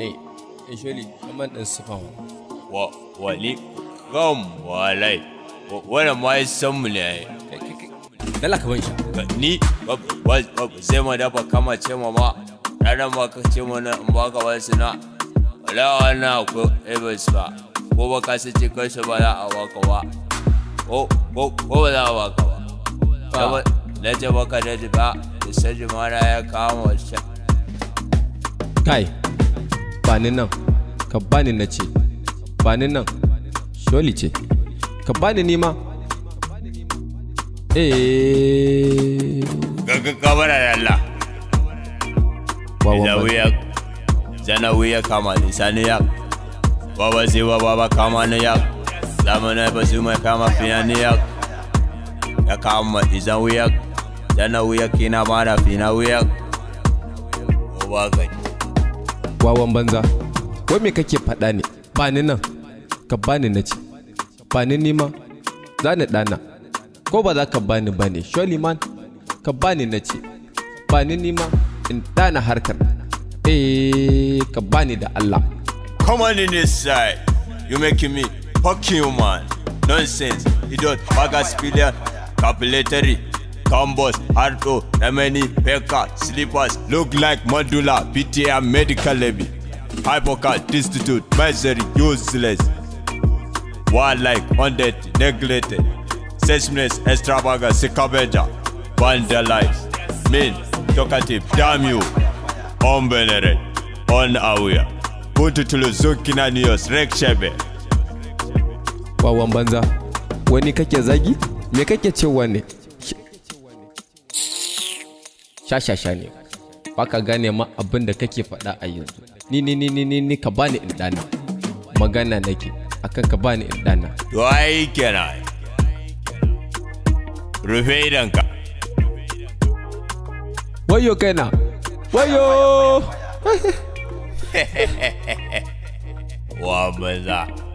ne eh, shirin kamar ɗin sufa wa wali kan walai wannan ma yi san mu ne dala ka ban shi ni zai ma dafa kama ce ma ma ranar ma ka ce ma na in ba ka wasu na wala wannan ko ebis ba ko ba ka sace kai su ba za a baka ba ko ba za a baka ba na ce baka da ba da sajima na ya kama wasu kai bani nan ka bani na ce bani nan sholi ce ka bani nima eh gaga kabara da Allah Idan wuya zana wuya kama lisani ya baba sai baba kama ni ya zamana ba su mai kama ni ya ya kama izan wuya zana wuya kina mara fina wuya Oba kai wawan banza wai me kake faɗa ne ba ni nan ka ni na ce. ba ni nima za ni ɗana ko ba za ka bani ba ne sholiman ka ni na ce. ba ni nima in ɗana harkar eh ka ba ni da Allah come on in this side you making me fuck you man nonsense idiot bagas pillar capillary Combos, Arto, Remini, Pekka, Slippers, Look Like modular. PTA Medical Levy, Hypocat, institute, Misery, Useless, Warlike, Undead, Neglected, Sexiness, Extravagant, Scavenger, Vandalized, Mean, Talkative, Damn You, Unvenerate, Unaware, Pututulu, Zukina News, Rekshebe. Wawan banza, wani kake zagi? Me kake cewa ne? shashasha ne ba ka gane ma abin da kake faɗa a yanzu ni ni ni ni ni ka bani in ɗana magana nake akan ka bani in ɗana to ai kenan rufe idanka wayo kaina wayo wa maza